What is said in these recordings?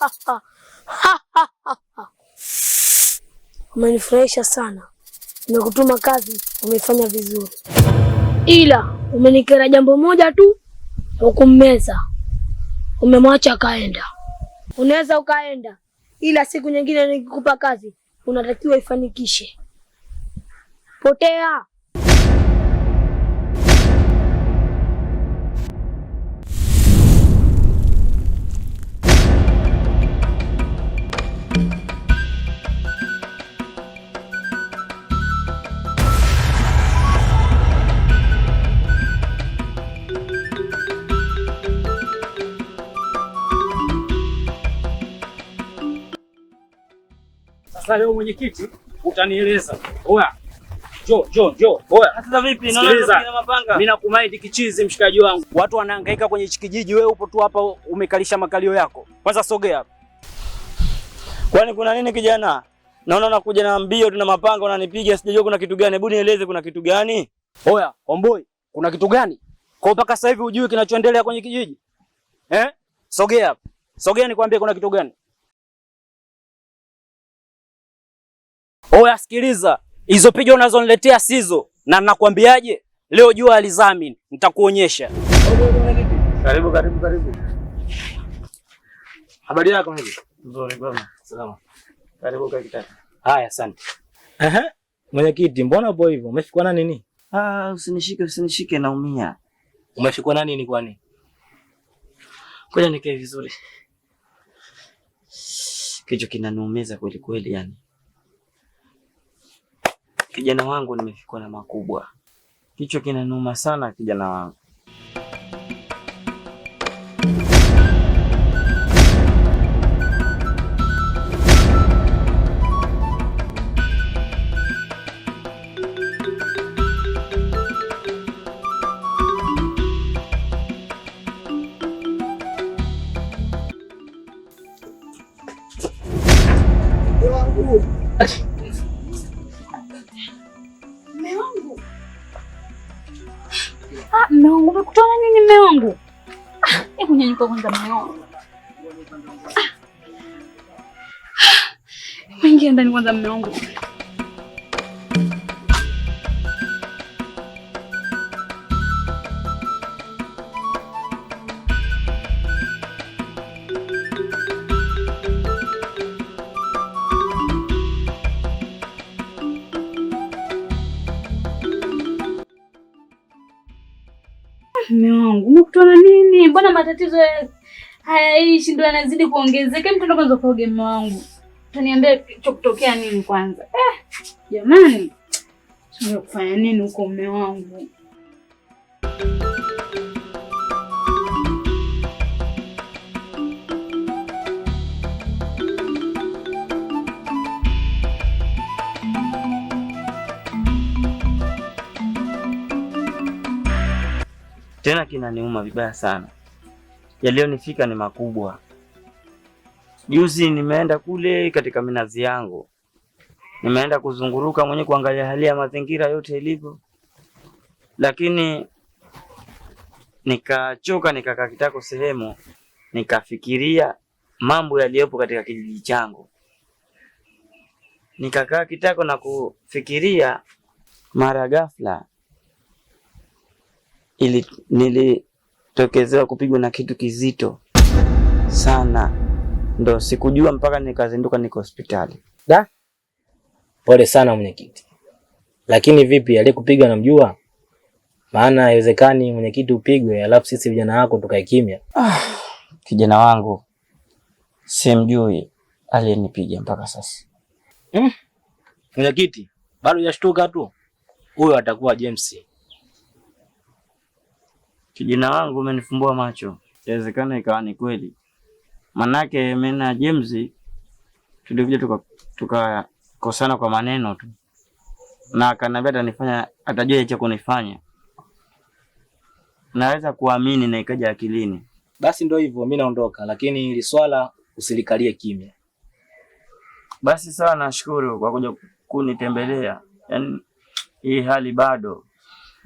Umenifurahisha sana. Nimekutuma kazi, umefanya vizuri, ila umenikera jambo moja tu, ukummeza. Umemwacha akaenda. Unaweza ukaenda, ila siku nyingine nikikupa kazi unatakiwa ifanikishe. Potea. Sasa leo mwenyekiti utanieleza. Oya. Jo, jo, jo. Oya. Hata vipi? Naona kuna mapanga. Mimi nakumaidi kichizi mshikaji wangu. Watu wanahangaika kwenye chikijiji, wewe upo tu hapa umekalisha makalio yako. Kwanza sogea hapa. Kwani kuna nini kijana? Naona unakuja na mbio tuna mapanga unanipiga, sijajua kuna kitu gani. Hebu nieleze kuna kitu gani? Oya, Omboi, kuna kitu gani? Kwa mpaka sasa hivi hujui kinachoendelea kwenye kijiji? Eh? Sogea hapa. Sogea nikwambie kuna kitu gani? Oya, sikiliza hizo pigo unazoniletea sizo, na nakwambiaje, leo jua alizami, nitakuonyesha. Karibu, karibu, karibu. Habari yako? Nzuri bwana, salama. Karibu kwa kitanda. Haya, asante. Ehe, mwenyekiti, mbona upo hivyo? Umeshikwa na nini? Ah, usinishike, usinishike, naumia. Umeshikwa na nini kwani? Kwani nikae vizuri, kichwa kinaniumiza kweli kweli yani kijana wangu, nimefikwa na makubwa. Kichwa kinanuma sana kijana wangu. kunyanyuka kwanza mmeona. Mwingie ndani kwanza mme wangu. matatizo hayaishi, ishi ndo yanazidi kuongezeka. Mtoto kwanza kaoge, mume wangu taniambia chokutokea nini kwanza? Eh, jamani kufanya nini huko mume wangu? Tena kinaniuma vibaya sana yaliyonifika ni makubwa. Juzi nimeenda kule katika minazi yangu, nimeenda kuzunguruka mwenye kuangalia hali ya mazingira yote ilivyo, lakini nikachoka, nikakaa kitako sehemu, nikafikiria mambo yaliyopo katika kijiji changu, nikakaa kitako na kufikiria, mara ghafla ili nili tokezewa kupigwa na kitu kizito sana, ndo sikujua mpaka nikazinduka niko hospitali. Da, pole sana mwenyekiti. Lakini vipi, aliyekupiga namjua? Maana haiwezekani mwenyekiti upigwe alafu sisi vijana wako tukae kimya. Ah, kijana wangu simjui aliyenipiga mpaka sasa. Mm, mwenyekiti bado hajashtuka tu, huyo atakuwa James. Kijana wangu umenifumbua macho, inawezekana ikawa ni kweli. Manake mimi na James tulikuja tukakosana tuka kwa maneno tu, na akaniambia atanifanya, atajua cha kunifanya. Naweza kuamini na ikaja akilini. Basi ndio hivyo, mimi naondoka, lakini ili swala usilikalie kimya. Basi sawa, nashukuru kwa kuja kunitembelea. Yaani hii hali bado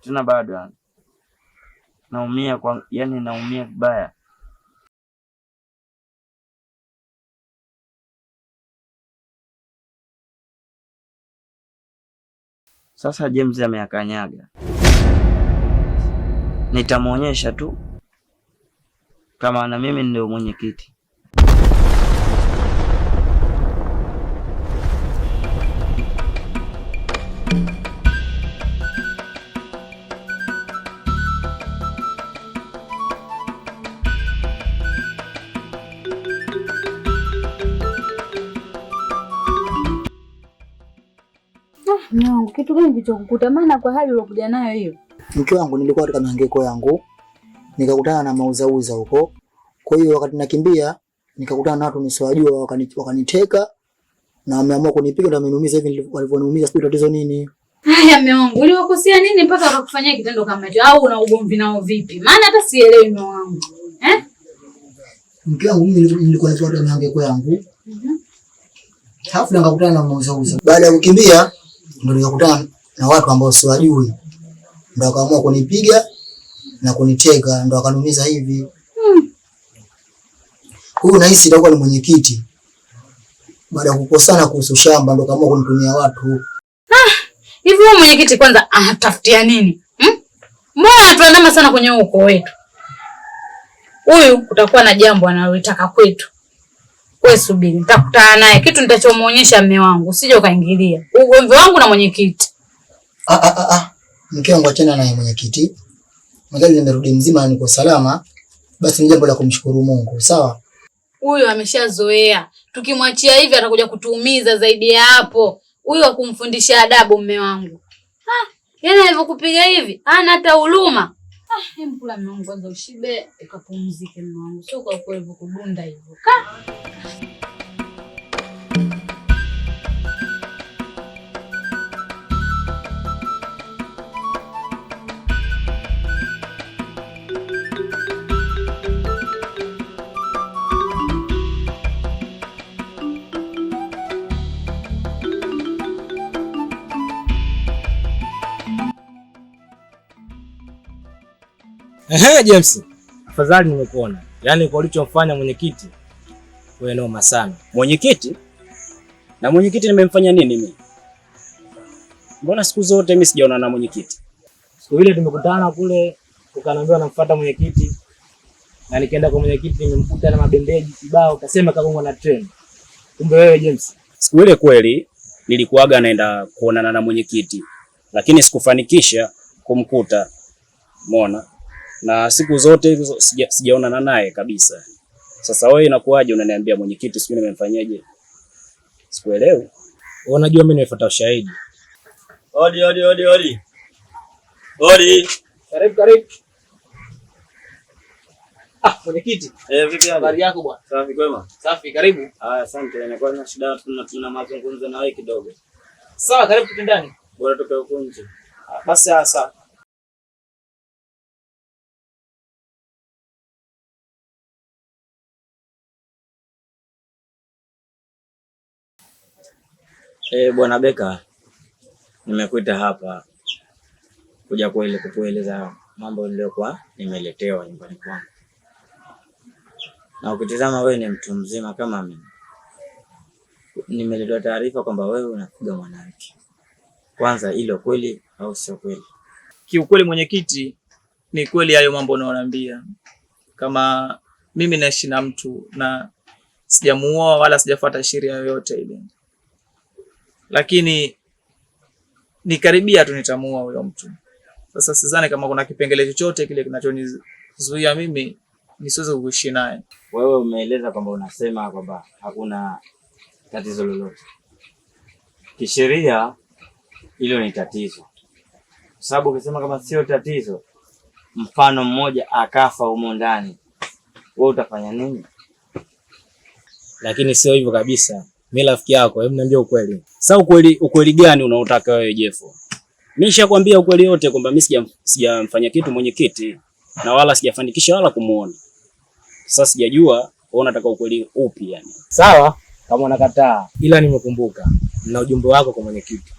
tena bado naumia kwa, yani naumia vibaya. Sasa James ameyakanyaga, nitamwonyesha tu kama na mimi ndio mwenyekiti. Mwanangu, kitu gani kilichokukuta? Maana kwa hali uliokuja nayo hiyo. Mke wangu, nilikuwa katika mahangaiko yangu nikakutana na mauzauza huko. Kwa hiyo wakati nakimbia nikakutana na watu nisiwajua, wakaniteka na wameamua kunipiga, ndio wameniumiza hivi walivyoniumiza. Sijui tatizo nini. Haya, mume wangu, uliwakosea nini mpaka wakakufanyia kitendo kama hicho? Au una ugomvi nao vipi? Maana hata sielewi mume wangu. Eh? Mke wangu, mimi nilikuwa na mahangaiko yangu. Mhm. Halafu nikakutana na mauzauza. Baada ya kukimbia ndio nikakutana na watu ambao siwajui, ndio akaamua kunipiga na kunicheka, ndio akanumiza hivi. Huyu nahisi itakuwa ni mwenyekiti, baada ya kukosana kuhusu shamba ndio kaamua kunitumia watu ah, hivi. Huyu mwenyekiti kwanza anatafutia nini? Hmm? Mbona tuandama sana kwenye ukoo wetu? Huyu kutakuwa na jambo analolitaka kwetu. We subiri, nitakutana naye, kitu nitachomuonyesha mme wangu, sije ukaingilia ugomvi wangu na mwenyekiti. Ah, ah, ah, ah. mke wangu, achana naye mwenyekiti. Madhali nimerudi mzima, niko salama, basi ni jambo la kumshukuru Mungu. Sawa, huyo ameshazoea, tukimwachia hivi atakuja kutuumiza zaidi ya hapo. Huyo akumfundisha adabu mme wangu, ah, yaani alivyokupiga hivi, ana hata huruma Hem, kula mume kwanza ushibe ukapumzike mume wangu, sio kwa kuwa hivyo kudunda hivyo ka Ehe, James. Afadhali nimekuona. Yaani kwa ulichomfanya mwenyekiti wewe noma sana. Mwenyekiti? Na mwenyekiti nimemfanya nini mimi? Mbona siku zote mimi sijaona na mwenyekiti? Siku ile tumekutana kule ukaniambia namfuata mwenyekiti. Na nikaenda kwa mwenyekiti nimemkuta na mabembeji kibao kasema kagongo na train. Kumbe wewe James. Siku ile kweli nilikuaga naenda kuonana na mwenyekiti, lakini sikufanikisha kumkuta. Umeona? na siku zote hizo sijaonana naye kabisa. Sasa wewe inakuwaje unaniambia mwenyekiti sijui nimemfanyaje? Sikuelewi. Unajua mimi nimefuata ushahidi. Hodi hodi hodi hodi hodi, Karibu, karibu. Ah, mwenyekiti. Eh, vipi hali? Habari yako bwana? Safi kwema. Safi, karibu. Ah, asante. Nilikuwa na shida tuna tuna mazungumzo na wewe kidogo. Sawa, karibu tuendane. Bora tukae huko nje. Ah, basi ah, sawa. Eh, Bwana Beka, nimekuita hapa kuja kuele kukueleza mambo niliyokuwa nimeletewa nyumbani kwangu, na ukitizama wewe ni mtu mzima kama mimi. Nimeletewa taarifa kwamba wewe unapiga mwanamke. Kwanza ilo kweli au sio kweli? Kiukweli mwenyekiti, ni kweli hayo mambo unaoniambia. Kama mimi naishi na mtu na sijamuoa wala sijafuata sheria yoyote ile lakini nikaribia tu nitamua huyo mtu. Sasa sidhani kama kuna kipengele chochote kile kinachonizuia mimi nisiweze kuishi naye. Wewe umeeleza kwamba unasema kwamba hakuna tatizo lolote kisheria, hilo ni tatizo, kwa sababu ukisema kama sio tatizo, mfano mmoja akafa humo ndani, wewe utafanya nini? Lakini sio hivyo kabisa. Mimi rafiki yako, hebu niambie ukweli. Sasa ukweli, ukweli gani unaotaka wewe Jeff? Mimi nishakwambia ukweli yote kwamba mimi sija sijamfanya kitu mwenyekiti na wala sijafanikisha wala kumuona. Sasa sijajua wewe unataka ukweli upi yani. Sawa, kama unakataa, ila nimekumbuka na ujumbe wako kwa mwenyekiti.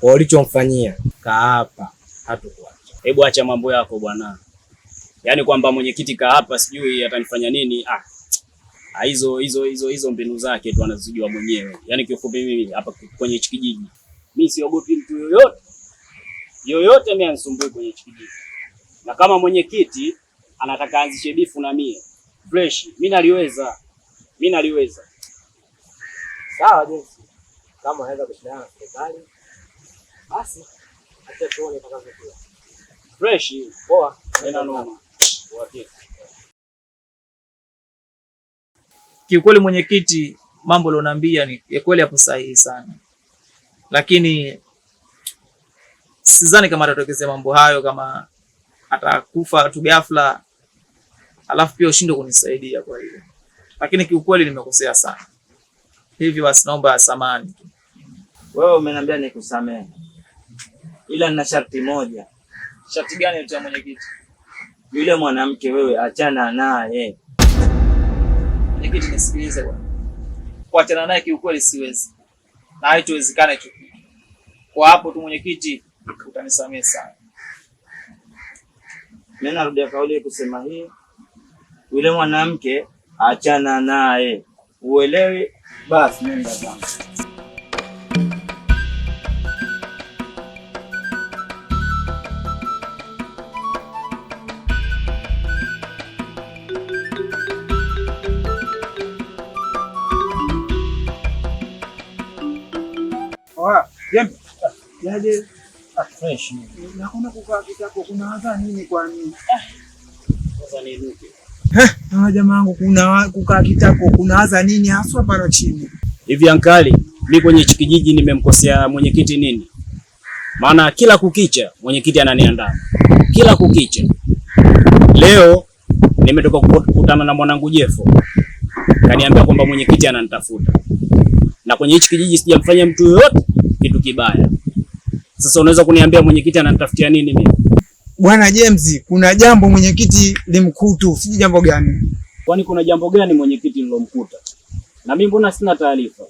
Kwa ulichomfanyia, kaa hapa hatakuacha. Hebu acha mambo yako bwana. Yaani kwamba mwenyekiti kaa hapa sijui atanifanya nini. Ah, Ah, hizo hizo hizo hizo mbinu zake tu anazijua mwenyewe. Yaani kiufupi, mimi hapa kwenye hichi kijiji mimi siogopi mtu yoyote yoyote, mimi anisumbui kwenye hichi kijiji, na kama mwenyekiti anataka anzishe bifu na mie fresh, mimi naliweza, mimi naliweza. Sawa jinsi kama anaweza kushindana na serikali, basi acha tuone atakavyokuwa fresh. Poa, nenda noma. Poa. kesi. Kiukweli mwenyekiti, mambo alionambia ni ya kweli, hapo sahihi sana, lakini sidhani kama atatokezea mambo hayo, kama atakufa tu ghafla, alafu pia ushindwe kunisaidia. Kwa hiyo lakini kiukweli nimekosea sana, hivi basi naomba samahani. Wewe umeniambia nikusamehe, ila nina sharti moja. Sharti gani? Uta mwenyekiti, yule mwanamke wewe achana naye. Nikiti nisikilize bwana. Kuachana naye kiukweli siwezi. Na haitowezekana hicho Kwa hapo tu mwenyekiti, utanisamehe sana. Mimi narudia kauli kusema hii, yule mwanamke achana naye, uelewi? Basi nenda zangu. Jamaa wangu kukaa kitako nini haswa chini hivi? Ankali, mi kwenye chikijiji nimemkosea mwenyekiti nini? Maana kila kukicha mwenyekiti ananiandaa kila kukicha. Leo nimetoka kukutana na mwanangu Jefo, kaniambia kwamba mwenyekiti ananitafuta, na kwenye hichi kijiji sijamfanya mtu yoyote kibaya. Sasa unaweza kuniambia mwenyekiti ananitafutia nini mimi? Bwana James, kuna jambo mwenyekiti limkutu, sijui jambo gani. Kwani kuna jambo gani mwenyekiti lilomkuta? Na mimi mbona sina taarifa?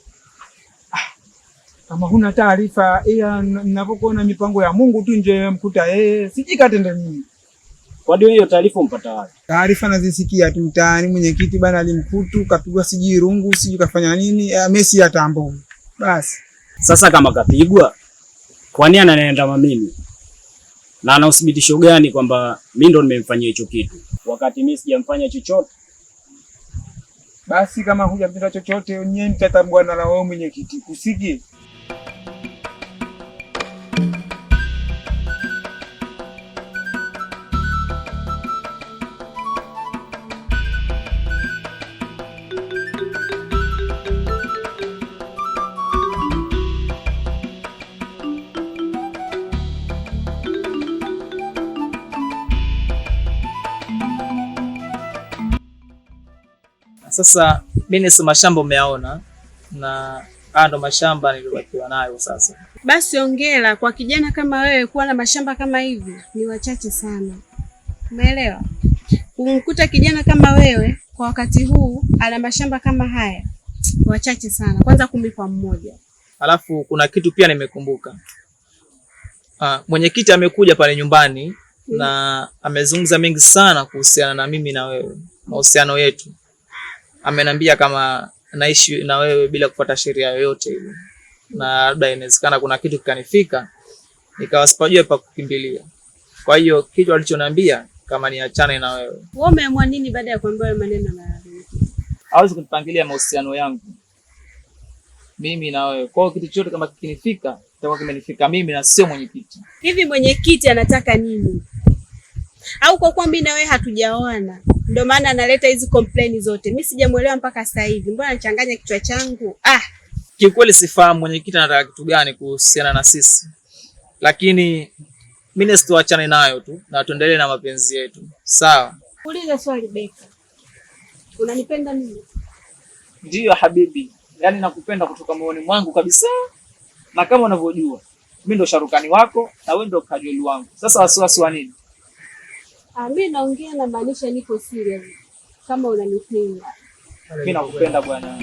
Kama huna taarifa, ila ninapokuona mipango ya Mungu tu nje mkuta yeye, eh, sijui katenda nini. Kwa hiyo hiyo taarifa umpata wapi? Taarifa nazisikia tu mtaani, mwenyekiti bana alimkutu, kapigwa sijui rungu, sijui kafanya nini, eh, Messi atambua. Basi. Sasa kama kapigwa, kwani ananiandama mimi? Na ana uthibitisho gani kwamba mimi ndo nimemfanyia hicho kitu wakati mimi sijamfanya chochote? Basi kama hujamtenda chochote, nyenye mtata na la mwenyekiti kusiki Sasa business mashamba umeaona na haya ndo mashamba niliyobakiwa nayo sasa. Basi ongera kwa kijana kama wewe, kuwa na mashamba kama hivi ni wachache sana, umeelewa? Kumkuta kijana kama wewe kwa wakati huu ana mashamba kama haya wachache sana, kwanza kumi kwa mmoja. Alafu kuna kitu pia nimekumbuka, ah, mwenyekiti amekuja pale nyumbani mm, na amezungumza mengi sana kuhusiana na mimi na wewe, mahusiano yetu amenambia kama naishi na wewe bila kupata sheria yoyote ile, na labda inawezekana kuna kitu kikanifika nikawa sipajue pa kukimbilia. Kwa hiyo kitu alichoniambia kama niachane na wewe. Wewe umeamua nini baada ya kuambiwa maneno na hawezi kunipangilia mahusiano yangu mimi na wewe. Kwa hiyo kitu chochote kama kikinifika kitakuwa kimenifika mimi na sio mwenyekiti. Hivi mwenyekiti anataka nini? au kwa kuwa mimi na wewe hatujaoana ndio maana analeta hizi complain zote? Mimi sijamuelewa mpaka sasa hivi, mbona anachanganya kichwa changu? Ah, kikweli sifahamu mwenyekiti anataka kitu gani kuhusiana na sisi, lakini mimi situachane nayo tu na tuendelee na mapenzi yetu, sawa? Uliza swali Beka, unanipenda mimi? Ndiyo habibi, yaani nakupenda kutoka moyoni mwangu kabisa, na kama unavyojua mimi ndo sharukani wako na wewe ndo kajoli wangu. Sasa wasiwasi wa nini? Ah, Mi naongea namaanisha, niko serious kama unanipenda. Mi nakupenda bwana.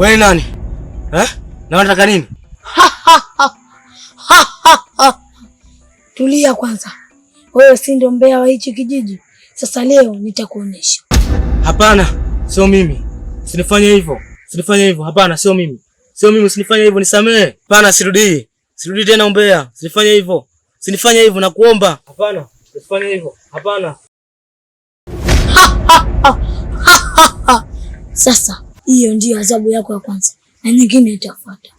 Wewe nani? Eh? Na unataka nini? Tulia kwanza. Wewe si ndio mbea wa hichi kijiji? Sasa leo nitakuonyesha. Hapana, sio mimi. Sinifanye hivyo. Sinifanye hivyo. Hapana, sio mimi. Sio mimi, usinifanye hivyo, nisamee. Hapana, sirudii. Sirudi tena umbea. Sinifanye hivyo. Sinifanye hivyo nakuomba. Hapana, usifanye hivyo. Hapana. Sasa hiyo ndio adhabu yako ya kwanza, na nyingine itafuata.